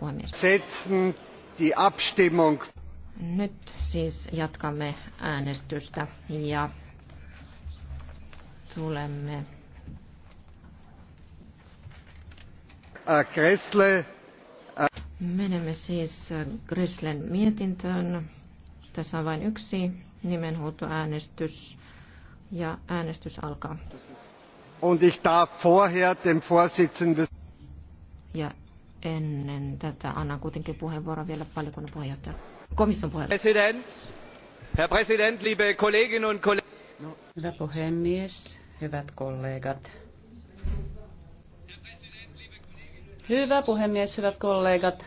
Kiitos puhemies. Nyt siis jatkamme äänestystä ja tulemme äh, äh. Menemme siis äh, Grislen mietintöön. Tässä on vain yksi nimenhuutoäänestys ja äänestys alkaa. Und ich darf vorher dem Vorsitzenden ja ennen tätä annan kuitenkin puheenvuoron vielä valiokunnan puheenjohtaja. Komission puheenjohtaja. President, Herr President, liebe Kolleginnen und Kollegen. No, hyvä puhemies, hyvät kollegat. Hyvä puhemies, hyvät kollegat.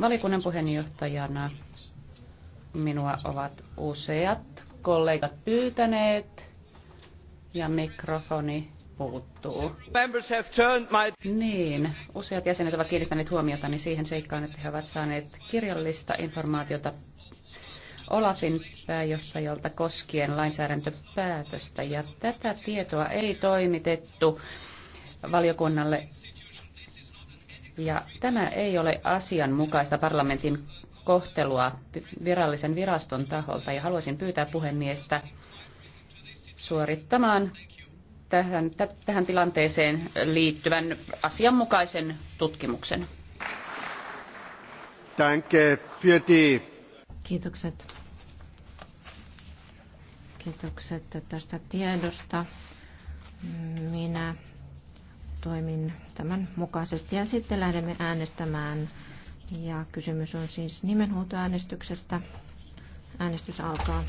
Valikunnan puheenjohtajana minua ovat useat kollegat pyytäneet ja mikrofoni puuttuu. Niin, useat jäsenet ovat kiinnittäneet huomiota niin siihen seikkaan, että he ovat saaneet kirjallista informaatiota Olafin pääjohtajalta koskien lainsäädäntöpäätöstä, ja tätä tietoa ei toimitettu valiokunnalle. Ja tämä ei ole asianmukaista parlamentin kohtelua virallisen viraston taholta, ja haluaisin pyytää puhemiestä suorittamaan tähän, tähän tilanteeseen liittyvän asianmukaisen tutkimuksen. Danke Kiitokset. Kiitokset tästä tiedosta. Minä toimin tämän mukaisesti ja sitten lähdemme äänestämään. Ja kysymys on siis nimenhuutoäänestyksestä. Äänestys alkaa.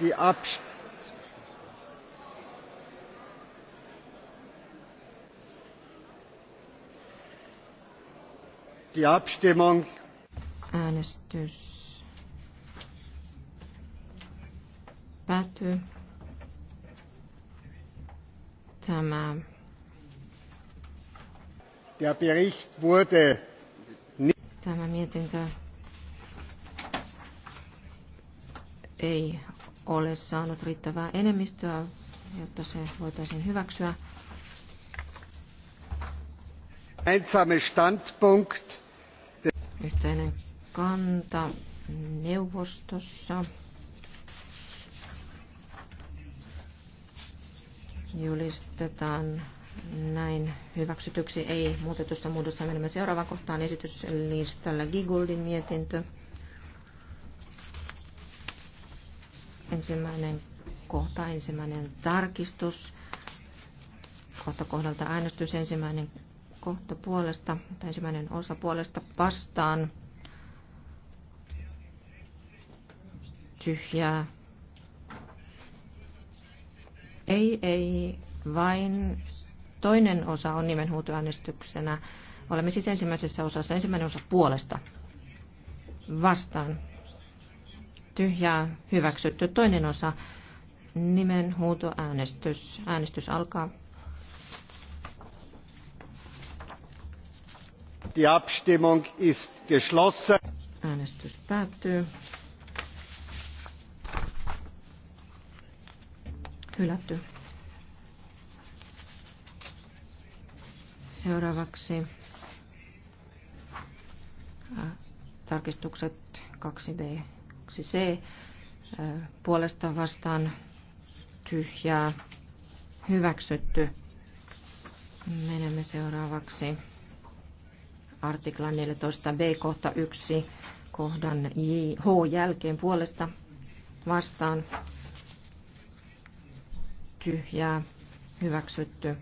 die Abstimmung. Die Abstimmung. Äänestys päättyy. Tämä. Der Bericht wurde Tämä mietintö ei ole saanut riittävää enemmistöä, jotta se voitaisiin hyväksyä. standpunkt. Yhteinen kanta neuvostossa. Julistetaan näin hyväksytyksi ei muutetussa muodossa. Menemme seuraavaan kohtaan esityslistalla Giguldin mietintö. Ensimmäinen kohta, ensimmäinen tarkistus. Kohta kohdalta äänestys ensimmäinen kohta puolesta, tai ensimmäinen osa puolesta vastaan. Tyhjää. Ei, ei, vain toinen osa on nimenhuutoäänestyksenä. Olemme siis ensimmäisessä osassa, ensimmäinen osa puolesta vastaan ja hyväksytty. Toinen osa nimen huutoäänestys. Äänestys alkaa. Die Abstimmung ist geschlossen. Äänestys päättyy. Hylätty. Seuraavaksi tarkistukset 2b C puolesta vastaan tyhjää hyväksytty. Menemme seuraavaksi artiklan 14b kohta 1 kohdan J, H jälkeen puolesta vastaan tyhjää hyväksytty.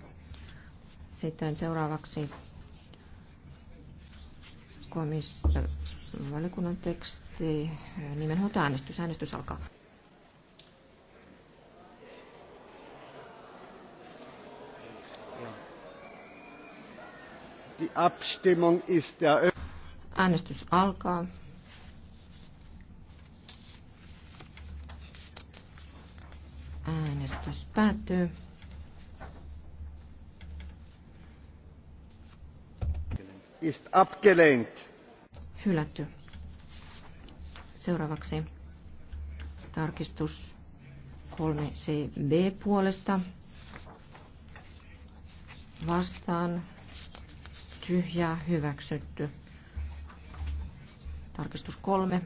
Sitten seuraavaksi komissio valikunnan teksti asti nimenhuoltoäänestys. Äänestys Äänestys alkaa. Die Abstimmung ist Äänestys alkaa. Äänestys päättyy. Ist abgelehnt. Hylätty. Seuraavaksi tarkistus 3CB puolesta vastaan tyhjä hyväksytty. Tarkistus 3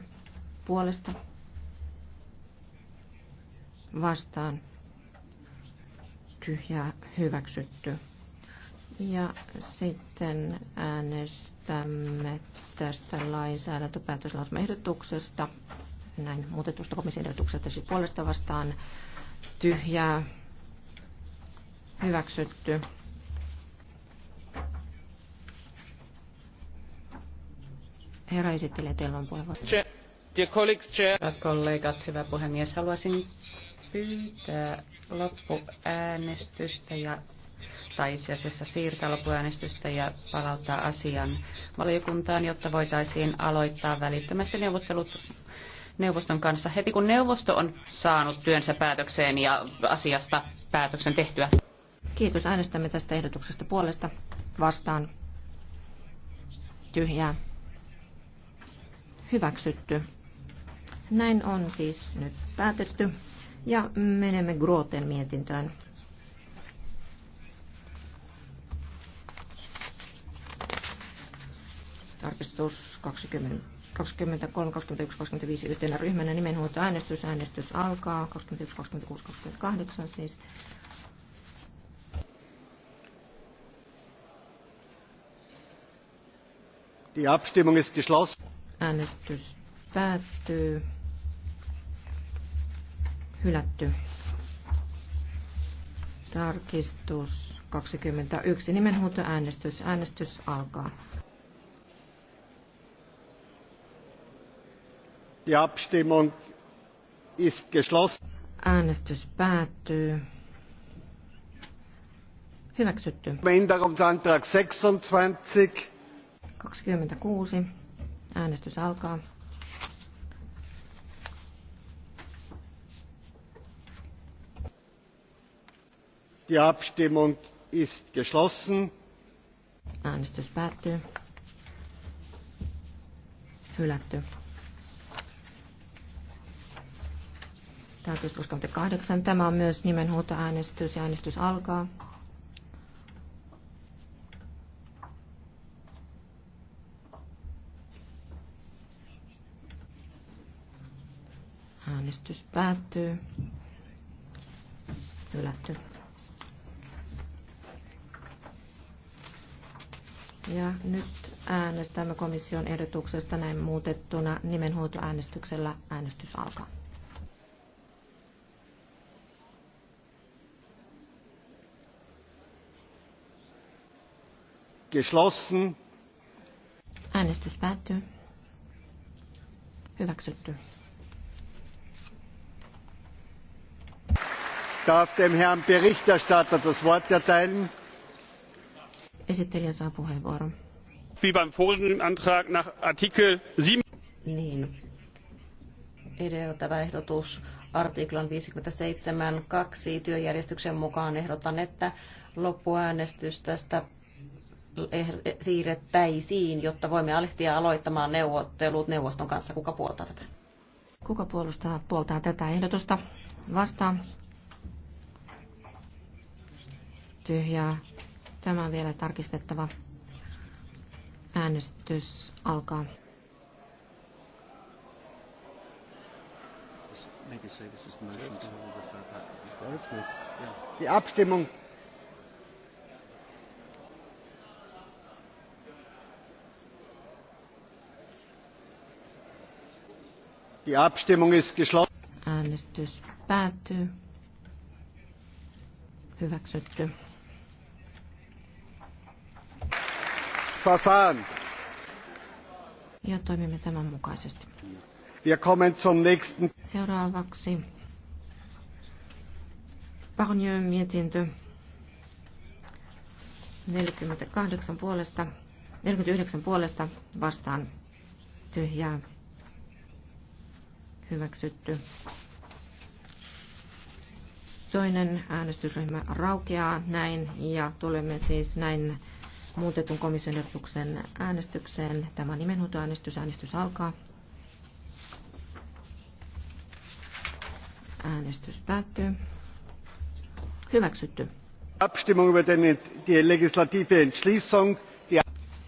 puolesta vastaan tyhjä hyväksytty. Ja sitten äänestämme tästä lainsäädäntöpäätöslausmaehdotuksesta, näin muutetusta komission ehdotuksesta, siis puolesta vastaan tyhjää hyväksytty. Herra esittelee teilman puolesta. Hyvät kollegat, hyvä puhemies, haluaisin pyytää loppuäänestystä ja tai itse asiassa siirtää lopuäänestystä ja palauttaa asian valiokuntaan, jotta voitaisiin aloittaa välittömästi neuvottelut neuvoston kanssa heti kun neuvosto on saanut työnsä päätökseen ja asiasta päätöksen tehtyä. Kiitos. Äänestämme tästä ehdotuksesta puolesta. Vastaan. Tyhjää. Hyväksytty. Näin on siis nyt päätetty. Ja menemme Groten mietintöön. Tarkistus 20, 23, 21, 25 yhtenä ryhmänä nimenhuoltoäänestys. Äänestys äänestys alkaa 21, 26, 28 siis. Die Abstimmung ist geschlossen. Äänestys päättyy. Hylätty. Tarkistus 21. äänestys Äänestys alkaa. Die Abstimmung ist geschlossen. Äänestys päättyy. Hyväksytty. Änderungsantrag 26. 26. Äänestys alkaa. Die Abstimmung ist geschlossen. Äänestys päättyy. Hylätty. Tarkistus 68. Tämä on myös nimenhuutoäänestys ja äänestys alkaa. Äänestys päättyy. Ylätty. Ja nyt äänestämme komission ehdotuksesta näin muutettuna nimenhuutoäänestyksellä. Äänestys alkaa. geschlossen. Äänestys päättyy. Hyväksytty. Darf dem Herrn Berichterstatter das Wort erteilen? Esittelijä saa puheenvuoron. Wie beim vorigen Antrag nach Artikel 7. Niin. Edeltävä ehdotus artiklan 57.2 työjärjestyksen mukaan ehdotan, että loppuäänestys tästä Eh, siirrettäisiin, jotta voimme alehtia aloittamaan neuvottelut neuvoston kanssa. Kuka puoltaa tätä? Kuka puolustaa, puoltaa tätä ehdotusta? Vastaan. Tyhjää. Tämä on vielä tarkistettava. Äänestys alkaa. The Abstimmung Die Abstimmung ist geschlossen. Äänestys päättyy. Hyväksytty. Verfahren. Ja toimimme tämän mukaisesti. Wir kommen zum nächsten. Seuraavaksi Parnion mietintö 48 puolesta, 49 puolesta vastaan tyhjää hyväksytty. Toinen äänestysryhmä raukeaa näin ja tulemme siis näin muutetun komission ehdotuksen äänestykseen. Tämä nimenhuutoäänestys. Äänestys alkaa. Äänestys päättyy. Hyväksytty. Abstimmung über die legislative Entschließung.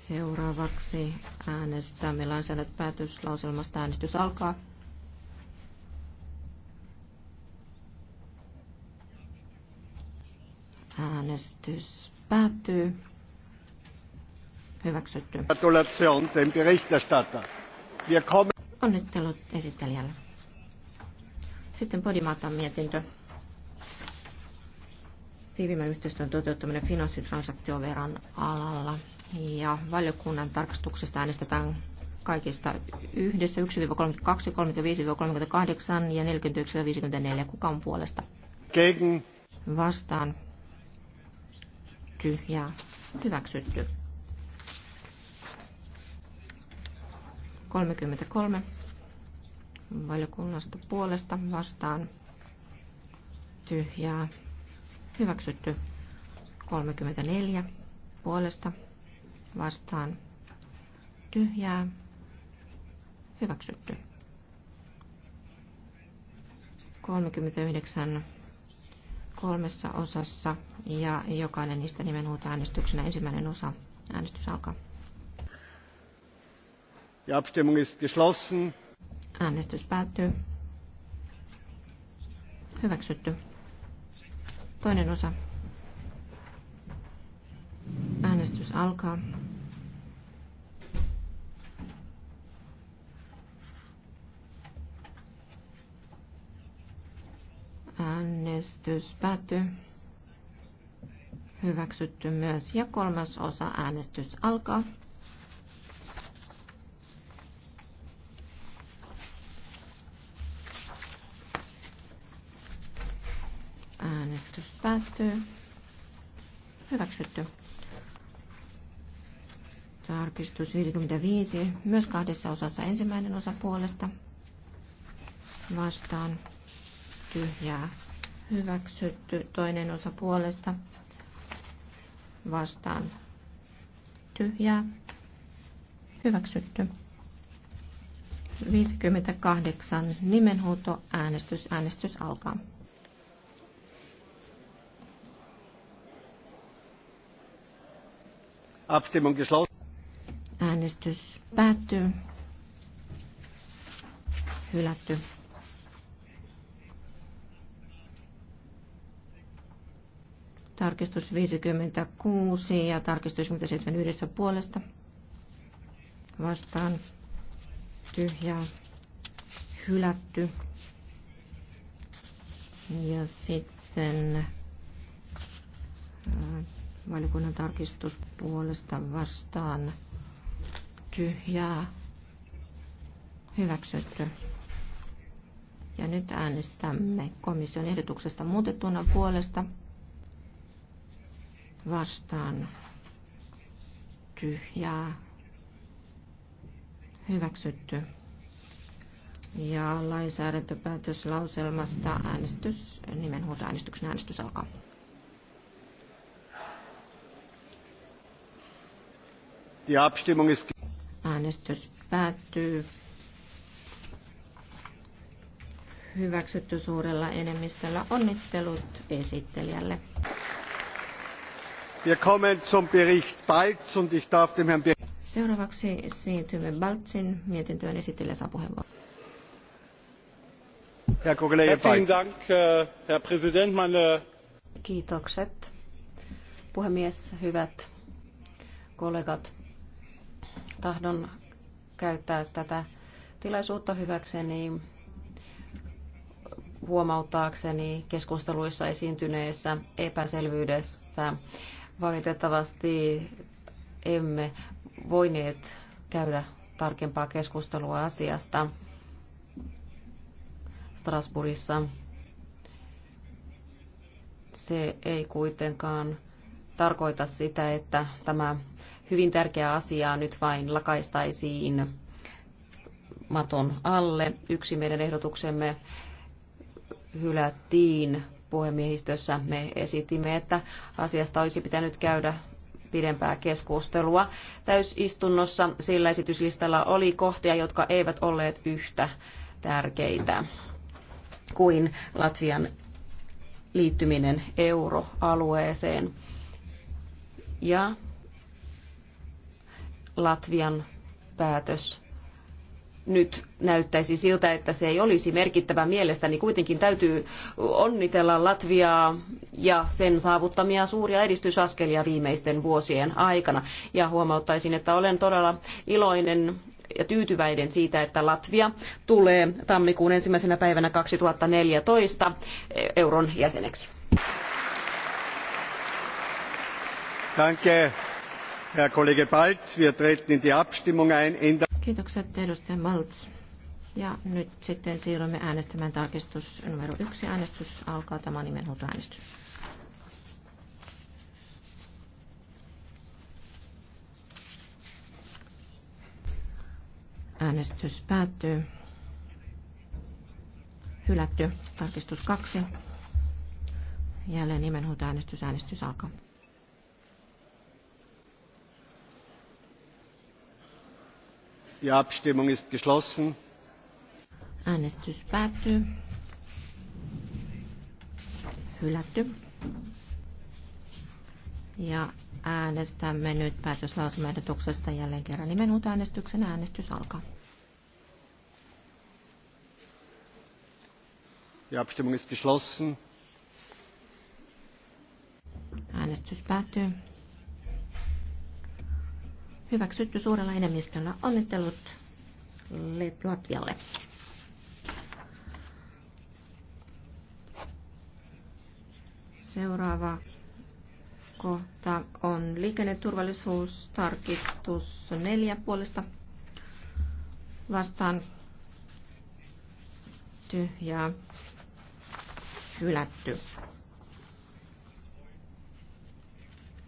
Seuraavaksi äänestämme lainsäädäntöpäätöslauselmasta. Äänestys alkaa. Äänestys päättyy. Hyväksytty. Gratulation dem Berichterstatter. Wir kommen... Onnittelut esittelijälle. Sitten Podimatan mietintö. Tiivimmän yhteistyön toteuttaminen finanssitransaktioveran alalla. Ja valiokunnan tarkastuksesta äänestetään kaikista yhdessä 1-32, 35-38 ja 41-54. Kuka on puolesta? Gegen. Vastaan ja hyväksytty. 33 valiokunnasta puolesta vastaan tyhjää hyväksytty. 34 puolesta vastaan tyhjää hyväksytty. 39 kolmessa osassa ja jokainen niistä nimenhuuta äänestyksenä. Ensimmäinen osa. Äänestys alkaa. Die Abstimmung ist geschlossen. Äänestys päättyy. Hyväksytty. Toinen osa. Äänestys alkaa. Äänestys päättyy. Hyväksytty myös. Ja kolmas osa äänestys alkaa. Äänestys päättyy. Hyväksytty. Tarkistus 55. Myös kahdessa osassa ensimmäinen osa puolesta. Vastaan tyhjää hyväksytty toinen osa puolesta vastaan tyhjää hyväksytty. 58 nimenhuuto äänestys. Äänestys alkaa. Abstimmung geschlossen. Äänestys päättyy. Hylätty. tarkistus 56 ja tarkistus 57 yhdessä puolesta vastaan tyhjää hylätty. Ja sitten äh, valiokunnan tarkistus puolesta vastaan tyhjää hyväksytty. Ja nyt äänestämme komission ehdotuksesta muutettuna puolesta vastaan tyhjää hyväksytty. Ja lainsäädäntöpäätöslauselmasta äänestys, äänestyksen äänestys alkaa. Die Abstimmung ist... Äänestys päättyy. Hyväksytty suurella enemmistöllä. Onnittelut esittelijälle. Wir kommen zum Bericht Balz und ich darf dem Herrn Seuraavaksi siirtymme mietintöön esittelijä saa puheenvuoron. Herr Kollege Balz. Dank, äh, Herr Präsident, meine... Kiitokset. Puhemies, hyvät kollegat. Tahdon käyttää tätä tilaisuutta hyväkseni huomauttaakseni keskusteluissa esiintyneessä epäselvyydestä Valitettavasti emme voineet käydä tarkempaa keskustelua asiasta Strasbourgissa. Se ei kuitenkaan tarkoita sitä, että tämä hyvin tärkeä asia nyt vain lakaistaisiin maton alle. Yksi meidän ehdotuksemme hylättiin puhemiehistössä me esitimme, että asiasta olisi pitänyt käydä pidempää keskustelua täysistunnossa, sillä esityslistalla oli kohtia, jotka eivät olleet yhtä tärkeitä kuin Latvian liittyminen euroalueeseen ja Latvian päätös nyt näyttäisi siltä, että se ei olisi merkittävä mielestäni. Niin kuitenkin täytyy onnitella Latviaa ja sen saavuttamia suuria edistysaskelia viimeisten vuosien aikana. Ja huomauttaisin, että olen todella iloinen ja tyytyväinen siitä, että Latvia tulee tammikuun ensimmäisenä päivänä 2014 euron jäseneksi. Danke, Herr Kollege Balz. Wir treten in die Abstimmung ein. Kiitokset edustaja Malts. Ja nyt sitten siirrymme äänestämään tarkistus numero yksi. Äänestys alkaa tämä nimenhuutoäänestys. Äänestys päättyy. Hylätty. Tarkistus kaksi. Jälleen nimenhuutoäänestys. Äänestys alkaa. Die Abstimmung ist geschlossen. Äänestys päättyy. Hylätty. Ja äänestämme nyt päätöslausumaehdotuksesta jälleen kerran nimenhuutoäänestyksen. Äänestys alkaa. Die Abstimmung ist geschlossen. Äänestys päättyy hyväksytty suurella enemmistöllä. Onnittelut Latvialle. Seuraava kohta on liikenneturvallisuustarkistus neljä puolesta vastaan tyhjää hylätty.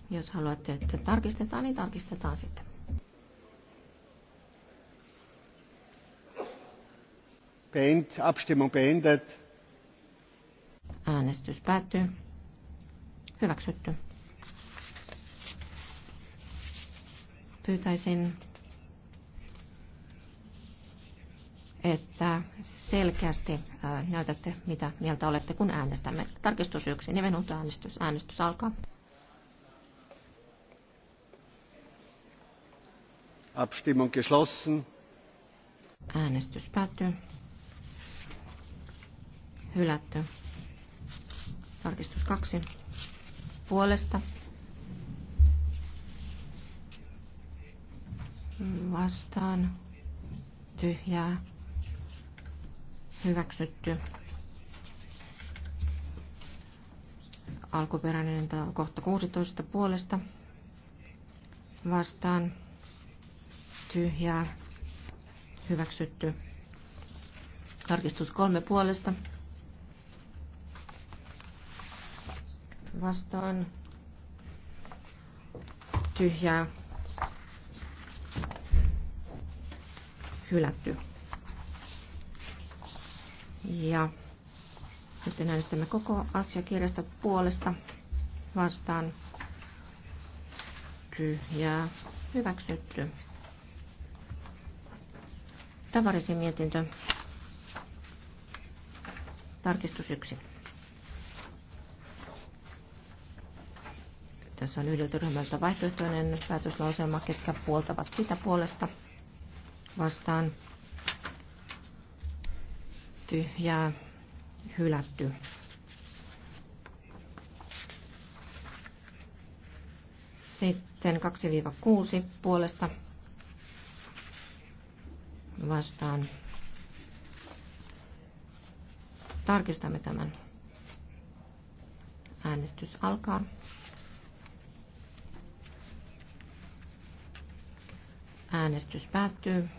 Jos haluatte, että tarkistetaan, niin tarkistetaan sitten. Abstimmung beendet. Äänestys päättyy. Hyväksytty. Pyytäisin, että selkeästi näytätte, mitä mieltä olette, kun äänestämme. Tarkistus 1, nimenhuutoäänestys. Äänestys alkaa. Abstimmung geschlossen. Äänestys päättyy. Hylätty. Tarkistus kaksi. Puolesta. Vastaan. Tyhjää. Hyväksytty. Alkuperäinen kohta 16 puolesta. Vastaan. Tyhjää. Hyväksytty. Tarkistus kolme puolesta vastaan tyhjää hylätty. Ja sitten äänestämme koko asiakirjasta puolesta vastaan tyhjää hyväksytty. Tavarisin mietintö. Tarkistus yksi. Tässä on yhdeltä ryhmältä vaihtoehtoinen päätöslauselma, ketkä puoltavat sitä puolesta vastaan tyhjää hylätty. Sitten 2-6 puolesta vastaan. Tarkistamme tämän. Äänestys alkaa. Äänestys päättyy.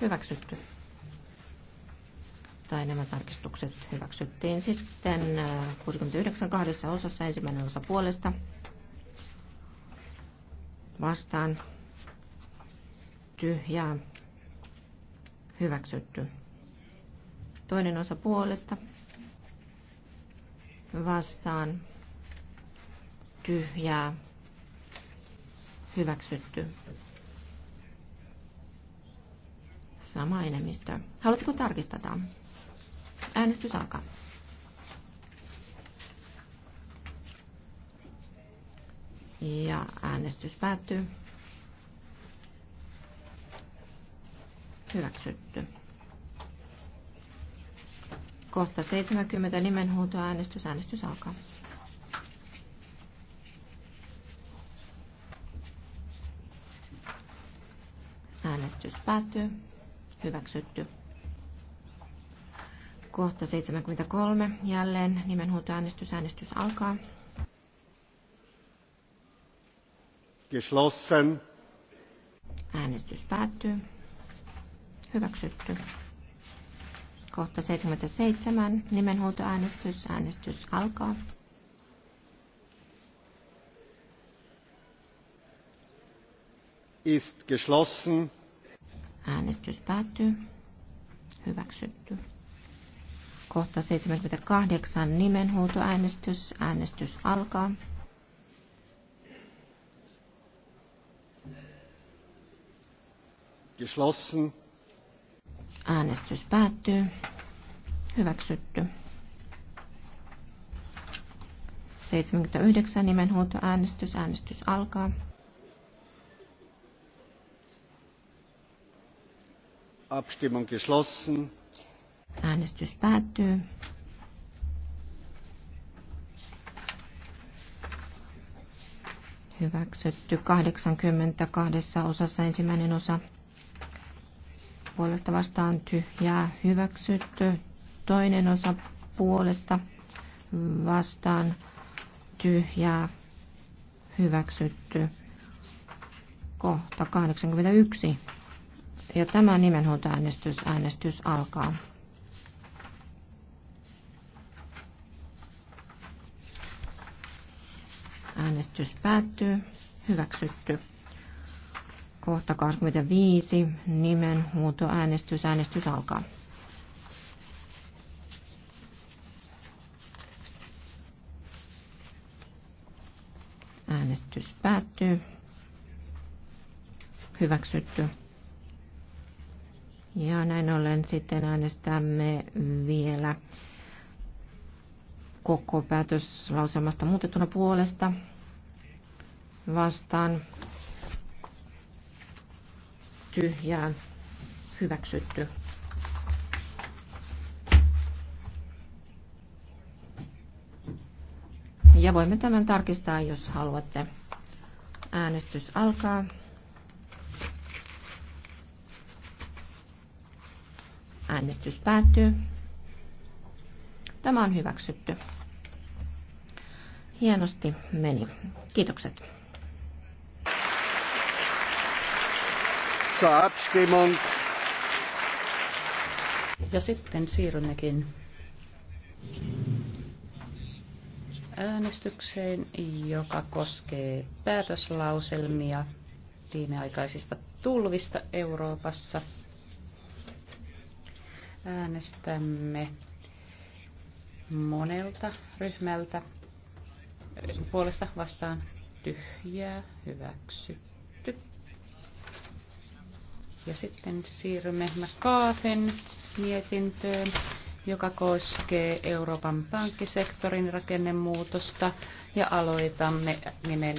Hyväksytty. Tai nämä tarkistukset hyväksyttiin sitten 69 äh, kahdessa osassa ensimmäinen osa puolesta. Vastaan. Tyhjää. Hyväksytty. Toinen osa puolesta. Vastaan. Tyhjää Hyväksytty. Sama enemmistö. Haluatteko tarkistata? Äänestys alkaa. Ja äänestys päättyy. Hyväksytty. Kohta 70 nimenhuutoäänestys. Äänestys alkaa. Äänestys päättyy. Hyväksytty. Kohta 73. Jälleen nimenhuutoäänestys. Äänestys alkaa. Geschlossen. Äänestys päättyy. Hyväksytty. Kohta 77. Nimenhuutoäänestys. Äänestys alkaa. Ist geschlossen Äänestys päättyy. Hyväksytty. Kohta 78 nimenhuutoäänestys. Äänestys alkaa. Geschlossen. Äänestys päättyy. Hyväksytty. 79 nimenhuutoäänestys. Äänestys alkaa. Abstimmung geschlossen. Äänestys päättyy. Hyväksytty 82 osassa ensimmäinen osa. Puolesta vastaan tyhjää hyväksytty. Toinen osa puolesta vastaan tyhjää hyväksytty. Kohta 81 ja tämä nimenhuoltoäänestys, äänestys alkaa. Äänestys päättyy. Hyväksytty. Kohta 25. Nimen Äänestys alkaa. Äänestys päättyy. Hyväksytty. Ja näin ollen sitten äänestämme vielä koko päätöslauselmasta muutettuna puolesta vastaan tyhjää hyväksytty. Ja voimme tämän tarkistaa, jos haluatte. Äänestys alkaa. Äänestys päättyy. Tämä on hyväksytty. Hienosti meni. Kiitokset. Ja sitten siirrymmekin äänestykseen, joka koskee päätöslauselmia viimeaikaisista tulvista Euroopassa. Äänestämme monelta ryhmältä puolesta vastaan tyhjää hyväksytty. Ja sitten siirrymme Kaafen mietintöön, joka koskee Euroopan pankkisektorin rakennemuutosta ja aloitamme nimen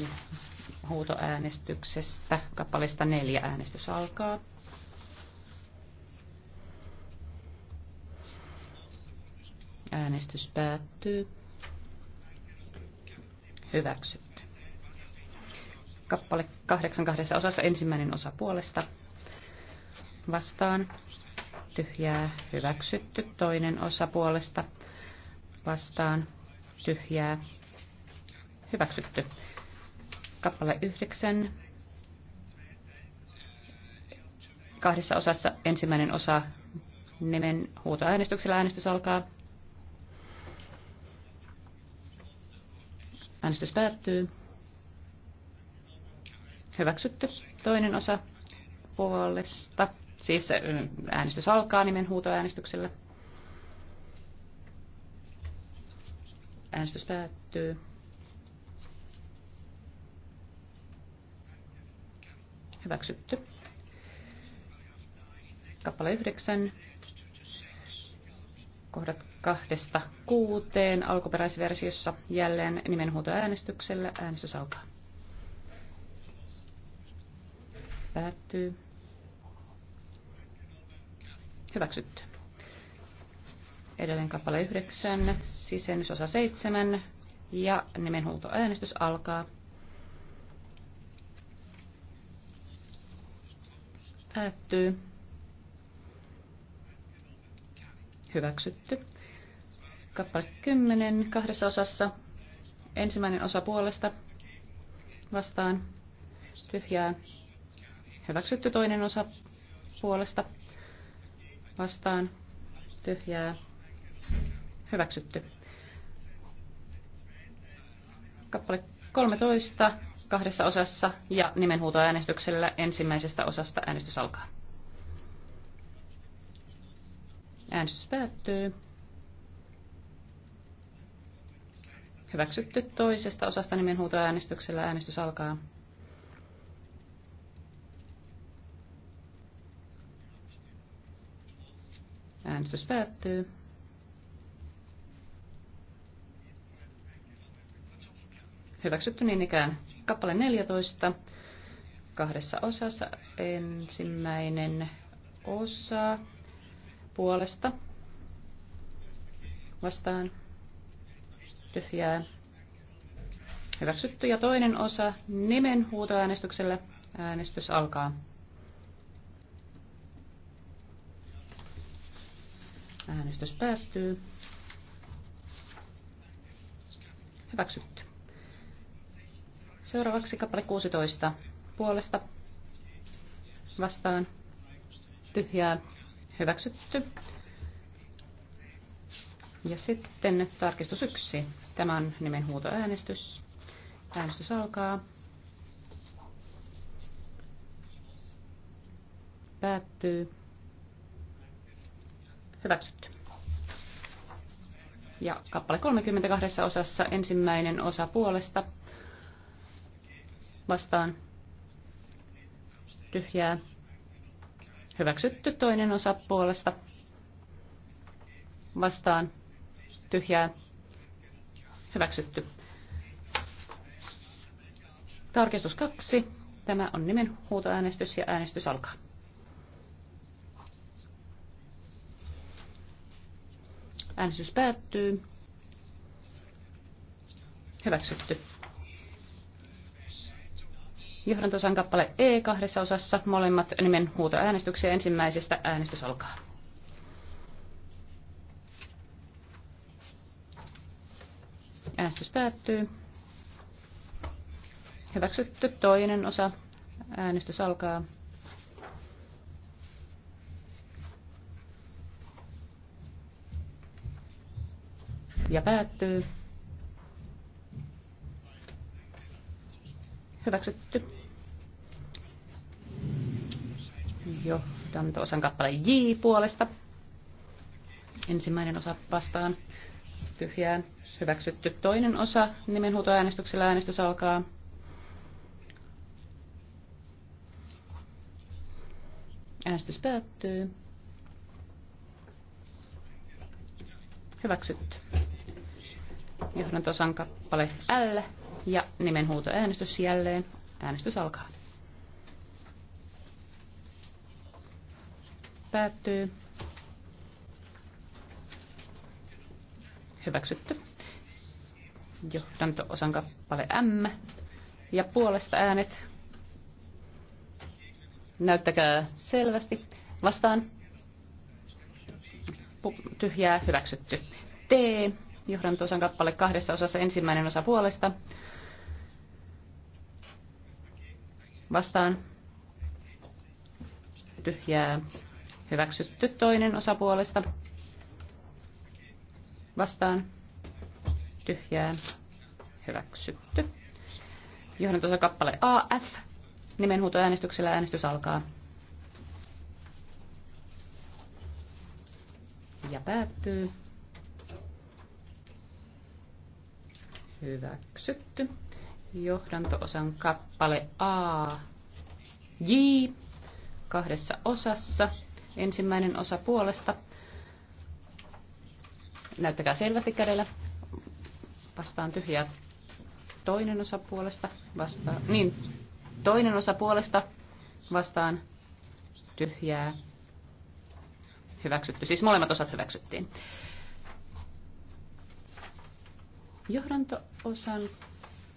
huutoäänestyksestä. kappalista neljä äänestys alkaa. Äänestys päättyy. Hyväksytty. Kappale kahdeksan kahdessa osassa ensimmäinen osa puolesta. Vastaan. Tyhjää. Hyväksytty. Toinen osa puolesta. Vastaan. Tyhjää. Hyväksytty. Kappale yhdeksän. Kahdessa osassa ensimmäinen osa nimen huutoäänestyksellä äänestys alkaa. Äänestys päättyy. Hyväksytty. Toinen osa puolesta. Siis äänestys alkaa nimen huutoäänestyksellä. Äänestys päättyy. Hyväksytty. Kappale 9. Kohdat kahdesta kuuteen alkuperäisversiossa jälleen nimenhuutoäänestyksellä. Äänestys alkaa. Päättyy. Hyväksytty. Edelleen kappale 9, sisennysosa 7 ja nimenhuutoäänestys alkaa. Päättyy. Hyväksytty. Kappale 10 kahdessa osassa. Ensimmäinen osa puolesta vastaan tyhjää. Hyväksytty toinen osa puolesta vastaan tyhjää. Hyväksytty. Kappale 13 kahdessa osassa ja nimenhuutoäänestyksellä ensimmäisestä osasta äänestys alkaa. Äänestys päättyy. Hyväksytty toisesta osasta nimen äänestyksellä. Äänestys alkaa. Äänestys päättyy. Hyväksytty niin ikään kappale 14 kahdessa osassa. Ensimmäinen osa puolesta vastaan tyhjää hyväksytty. Ja toinen osa nimen huutoäänestyksellä. Äänestys alkaa. Äänestys päättyy. Hyväksytty. Seuraavaksi kappale 16. Puolesta vastaan tyhjää hyväksytty. Ja sitten tarkistus 1 Tämä on nimenhuutoäänestys. Äänestys alkaa. Päättyy. Hyväksytty. Ja kappale 32 osassa ensimmäinen osa puolesta vastaan tyhjää. Hyväksytty toinen osa puolesta vastaan tyhjää Hyväksytty. Tarkistus kaksi. Tämä on nimen huutoäänestys ja äänestys alkaa. Äänestys päättyy. Hyväksytty. Johdantosan kappale E kahdessa osassa, molemmat nimen huutoäänestyksiä ensimmäisestä äänestys alkaa. Äänestys päättyy. Hyväksytty toinen osa. Äänestys alkaa. Ja päättyy. Hyväksytty. Johdanto-osan kappale J puolesta. Ensimmäinen osa vastaan tyhjään Hyväksytty toinen osa. Nimenhuutoäänestyksellä äänestys alkaa. Äänestys päättyy. Hyväksytty. Johdantosan kappale L ja nimenhuutoäänestys jälleen. Äänestys alkaa. Päättyy. Hyväksytty johdanto-osan kappale M ja puolesta äänet. Näyttäkää selvästi. Vastaan. Tyhjää hyväksytty. T. Johdanto-osan kappale kahdessa osassa ensimmäinen osa puolesta. Vastaan. Tyhjää hyväksytty toinen osa puolesta. Vastaan tyhjää, hyväksytty. tuossa kappale AF, nimenhuutoäänestyksellä äänestys alkaa. Ja päättyy. Hyväksytty. Johdanto-osan kappale A, J, kahdessa osassa. Ensimmäinen osa puolesta. Näyttäkää selvästi kädellä vastaan tyhjää. Toinen osa puolesta vastaan, niin toinen osa puolesta vastaan tyhjää. Hyväksytty, siis molemmat osat hyväksyttiin. Johdanto-osan,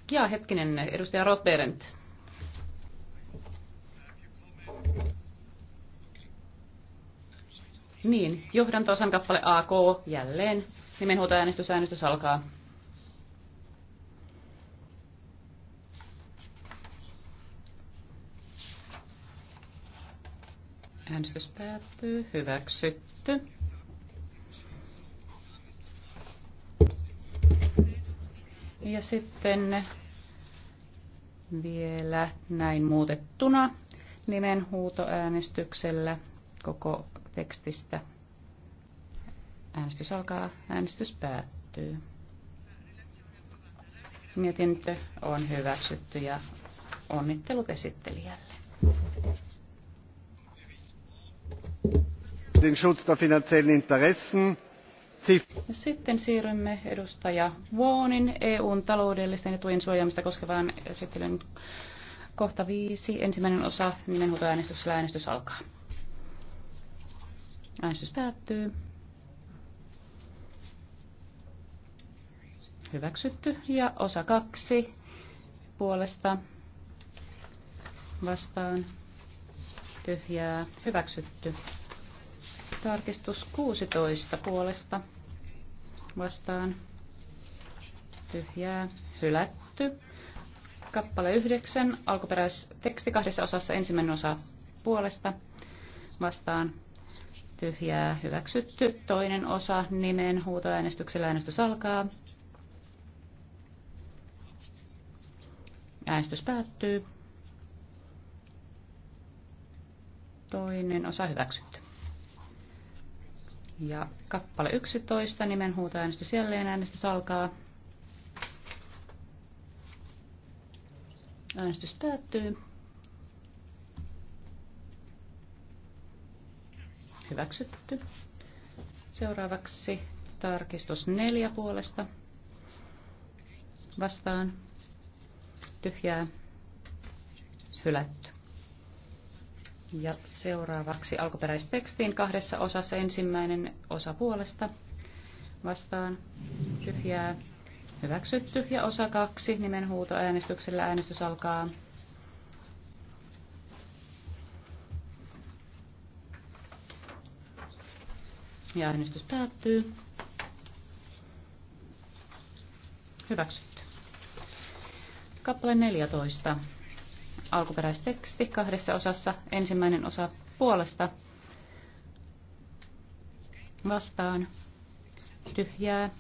kia hetkinen, edustaja Rotberent. Niin, johdanto-osan kappale AK jälleen. Nimenhuutoäänestys, alkaa. Äänestys päättyy. Hyväksytty. Ja sitten vielä näin muutettuna nimenhuutoäänestyksellä koko tekstistä. Äänestys alkaa, äänestys päättyy. Mietintö on hyväksytty ja onnittelut esittelijälle. Den Schutz der finanziellen Interessen. Sitten siirrymme edustaja Vuonin EUn taloudellisten etujen suojaamista koskevaan esittelyyn kohta viisi. Ensimmäinen osa nimenhuutoäänestyksellä äänestys alkaa. Äänestys päättyy. Hyväksytty. Ja osa kaksi puolesta vastaan tyhjää hyväksytty. Tarkistus 16 puolesta vastaan. Tyhjää. Hylätty. Kappale 9. Alkuperäisteksti kahdessa osassa ensimmäinen osa puolesta vastaan. Tyhjää. Hyväksytty. Toinen osa nimen huutoäänestyksellä äänestys alkaa. Äänestys päättyy. Toinen osa hyväksytty. Ja kappale 11, nimen huutoäänestys jälleen, äänestys alkaa. Äänestys päättyy. Hyväksytty. Seuraavaksi tarkistus neljä puolesta. Vastaan. Tyhjää. Hylätty. Ja seuraavaksi alkuperäistekstiin kahdessa osassa ensimmäinen osa puolesta vastaan tyhjää hyväksytty ja osa kaksi äänestyksellä. äänestys alkaa. Ja äänestys päättyy. Hyväksytty. Kappale 14 alkuperäisteksti kahdessa osassa. Ensimmäinen osa puolesta vastaan tyhjää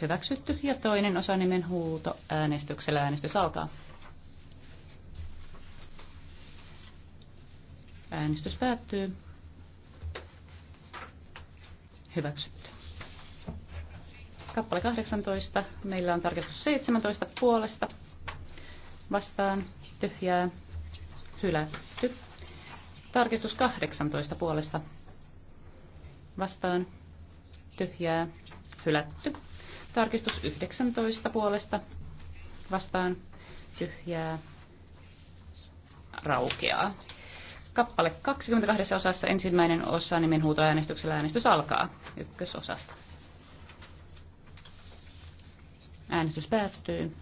hyväksytty ja toinen osa nimen huuto äänestyksellä. Äänestys alkaa. Äänestys päättyy. Hyväksytty. Kappale 18. Meillä on tarkistus 17 puolesta vastaan tyhjää, hylätty. Tarkistus 18 puolesta vastaan, tyhjää, hylätty. Tarkistus 19 puolesta vastaan, tyhjää, raukeaa. Kappale 22 osassa ensimmäinen osa nimen huutoäänestyksellä äänestys alkaa ykkösosasta. Äänestys päättyy.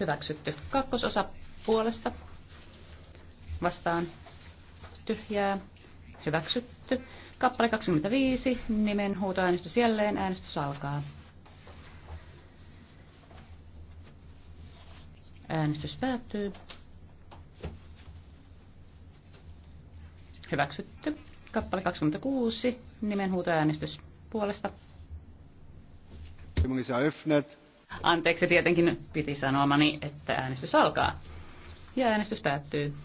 hyväksytty. Kakkososa puolesta vastaan tyhjää hyväksytty. Kappale 25, nimen huutoäänestys jälleen, äänestys alkaa. Äänestys päättyy. Hyväksytty. Kappale 26, nimen huutoäänestys puolesta. Stimmung ist eröffnet. Anteeksi, tietenkin piti sanomani, että äänestys alkaa. Ja äänestys päättyy.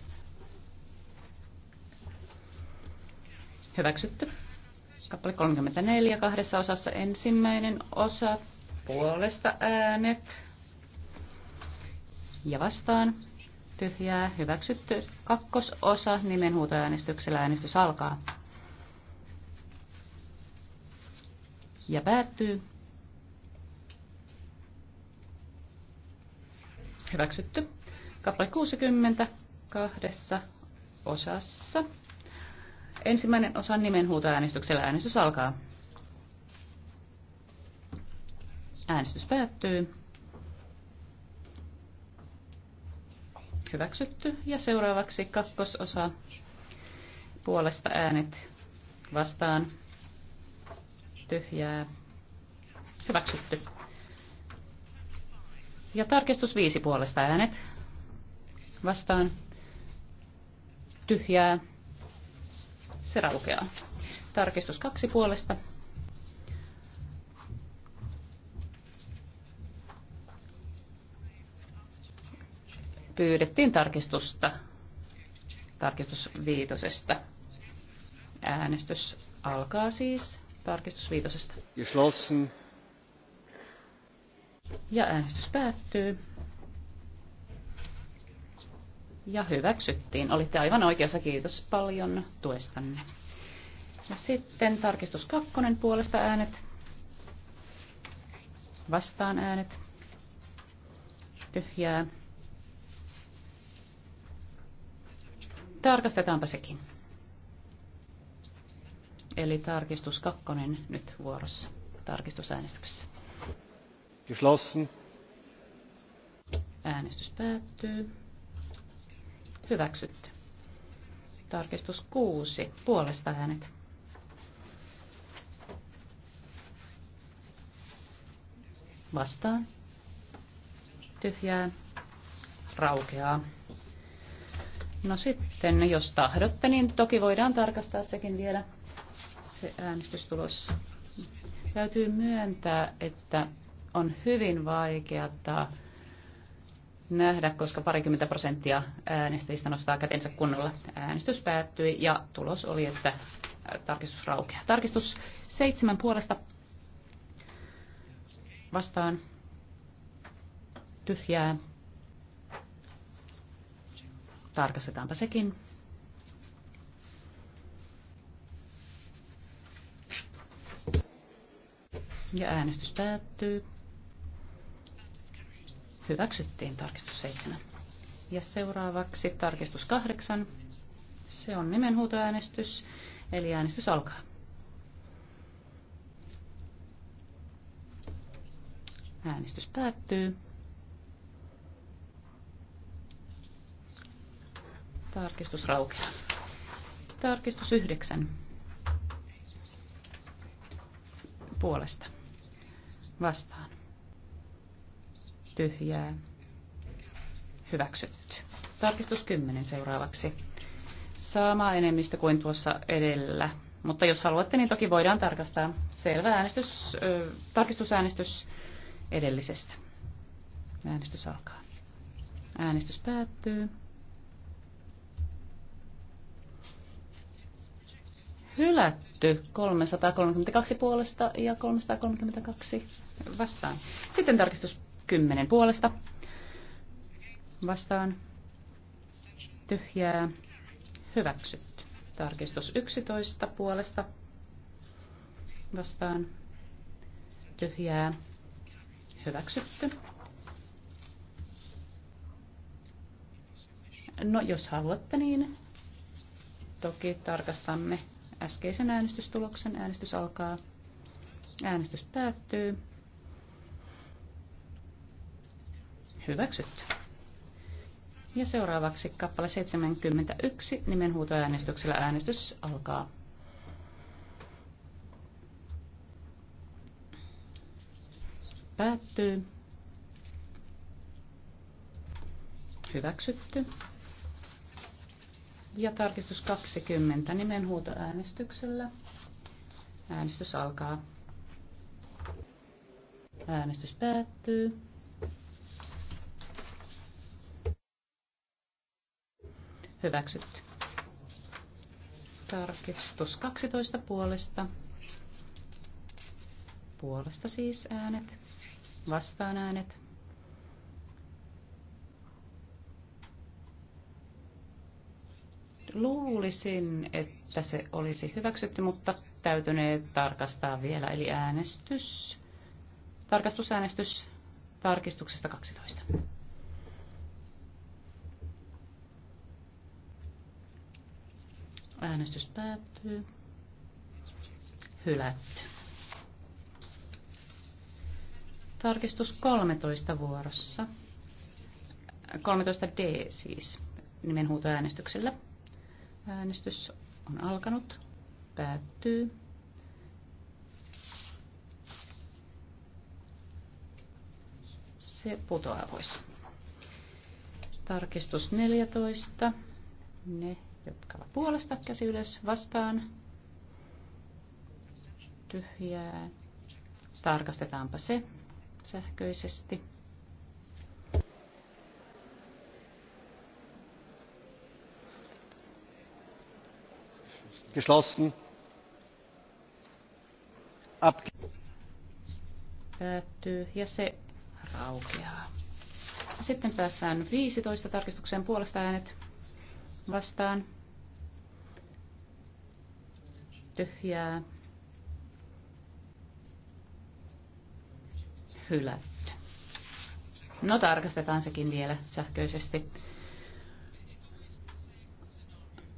Hyväksytty. Kappale 34 kahdessa osassa ensimmäinen osa. Puolesta äänet. Ja vastaan. Tyhjää. Hyväksytty. Kakkososa. Nimenhuutoäänestyksellä äänestys alkaa. Ja päättyy. Hyväksytty. Kappale 60 kahdessa osassa. Ensimmäinen osa äänestyksellä. Äänestys alkaa. Äänestys päättyy. Hyväksytty. Ja seuraavaksi kakkososa. Puolesta äänet vastaan. Tyhjää. Hyväksytty. Ja tarkistus viisi puolesta äänet. Vastaan. Tyhjää. Se raukeaa. Tarkistus kaksi puolesta. Pyydettiin tarkistusta. Tarkistus viitosesta. Äänestys alkaa siis tarkistus viitosesta. Geschlossen. Ja äänestys päättyy. Ja hyväksyttiin. Olitte aivan oikeassa. Kiitos paljon tuestanne. Ja sitten tarkistus kakkonen puolesta äänet. Vastaan äänet. Tyhjää. Tarkastetaanpa sekin. Eli tarkistus kakkonen nyt vuorossa tarkistusäänestyksessä. Geschlossen. Äänestys päättyy. Hyväksytty. Tarkistus 6. Puolesta äänet. Vastaan. Tyhjää. Raukeaa. No sitten, jos tahdotte, niin toki voidaan tarkastaa sekin vielä se äänestystulos. Täytyy myöntää, että on hyvin vaikeaa nähdä, koska parikymmentä prosenttia äänestäjistä nostaa kätensä kunnolla. Äänestys päättyi ja tulos oli, että tarkistus raukeaa. Tarkistus seitsemän puolesta vastaan tyhjää. Tarkastetaanpa sekin. Ja äänestys päättyy. Hyväksyttiin tarkistus 7. Ja seuraavaksi tarkistus 8. Se on nimenhuutoäänestys, eli äänestys alkaa. Äänestys päättyy. Tarkistus raukeaa. Tarkistus 9. Puolesta. Vastaan tyhjää, hyväksytty. Tarkistus 10 seuraavaksi. Sama enemmistö kuin tuossa edellä, mutta jos haluatte, niin toki voidaan tarkastaa selvä äänestys, äh, tarkistusäänestys edellisestä. Äänestys alkaa. Äänestys päättyy. hylätty 332 puolesta ja 332 vastaan. Sitten tarkistus 10 puolesta vastaan tyhjää hyväksytty. Tarkistus 11 puolesta vastaan tyhjää hyväksytty. No jos haluatte, niin toki tarkastamme äskeisen äänestystuloksen. Äänestys alkaa. Äänestys päättyy. Hyväksytty. Ja seuraavaksi kappale 71 nimenhuutoäänestyksellä äänestys alkaa. Päättyy. Hyväksytty. Ja tarkistus 20 nimenhuutoäänestyksellä. Äänestys alkaa. Äänestys päättyy. Hyväksytty. Tarkistus 12 puolesta. Puolesta siis äänet. Vastaan äänet. Luulisin, että se olisi hyväksytty, mutta täytyneet tarkastaa vielä. Eli äänestys, tarkastusäänestys tarkistuksesta 12. Äänestys päättyy. Hylätty. Tarkistus 13 vuorossa. 13D siis nimenhuutoäänestyksellä. Äänestys on alkanut, päättyy. Se putoaa pois. Tarkistus 14. Ne jotka ovat puolesta, käsi ylös, vastaan, tyhjää. Tarkastetaanpa se sähköisesti. Geschlossen. Ab. Päättyy ja se raukeaa. Sitten päästään 15 tarkistukseen puolesta äänet vastaan tyhjää hylätty. No tarkastetaan sekin vielä sähköisesti.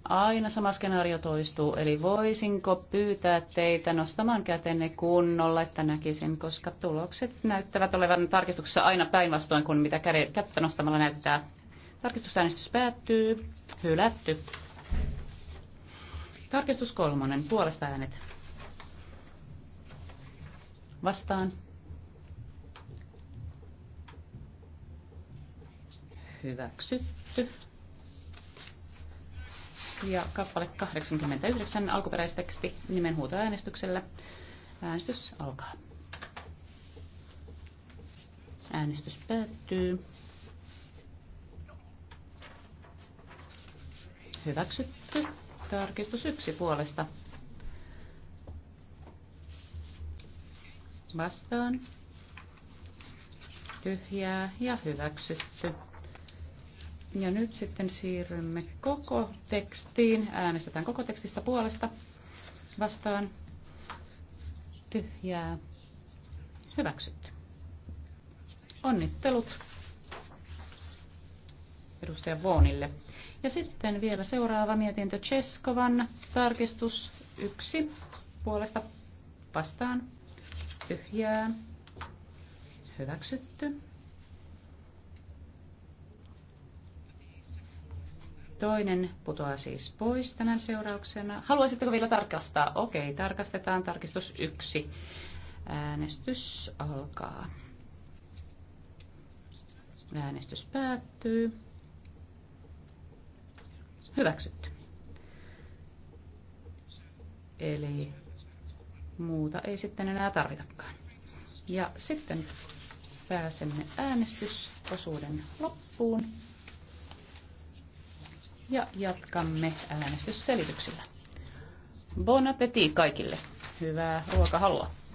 Aina sama skenaario toistuu, eli voisinko pyytää teitä nostamaan kätenne kunnolla, että näkisin, koska tulokset näyttävät olevan tarkistuksessa aina päinvastoin kuin mitä kättä nostamalla näyttää Tarkistusäänestys päättyy. Hylätty. Tarkistus kolmonen. Puolesta äänet. Vastaan. Hyväksytty. Ja kappale 89, alkuperäisteksti nimenhuutoäänestyksellä. Äänestys alkaa. Äänestys päättyy. Hyväksytty. Tarkistus yksi puolesta. Vastaan. Tyhjää ja hyväksytty. Ja nyt sitten siirrymme koko tekstiin. Äänestetään koko tekstistä puolesta. Vastaan. Tyhjää. Hyväksytty. Onnittelut edustaja Voonille. Ja sitten vielä seuraava mietintö Cheskovan tarkistus yksi puolesta vastaan tyhjää hyväksytty. Toinen putoaa siis pois tämän seurauksena. Haluaisitteko vielä tarkastaa? Okei, tarkastetaan tarkistus yksi. Äänestys alkaa. Äänestys päättyy hyväksytty. Eli muuta ei sitten enää tarvitakaan. Ja sitten pääsemme äänestysosuuden loppuun. Ja jatkamme äänestysselityksillä. Bon appetit kaikille. Hyvää ruokahalua.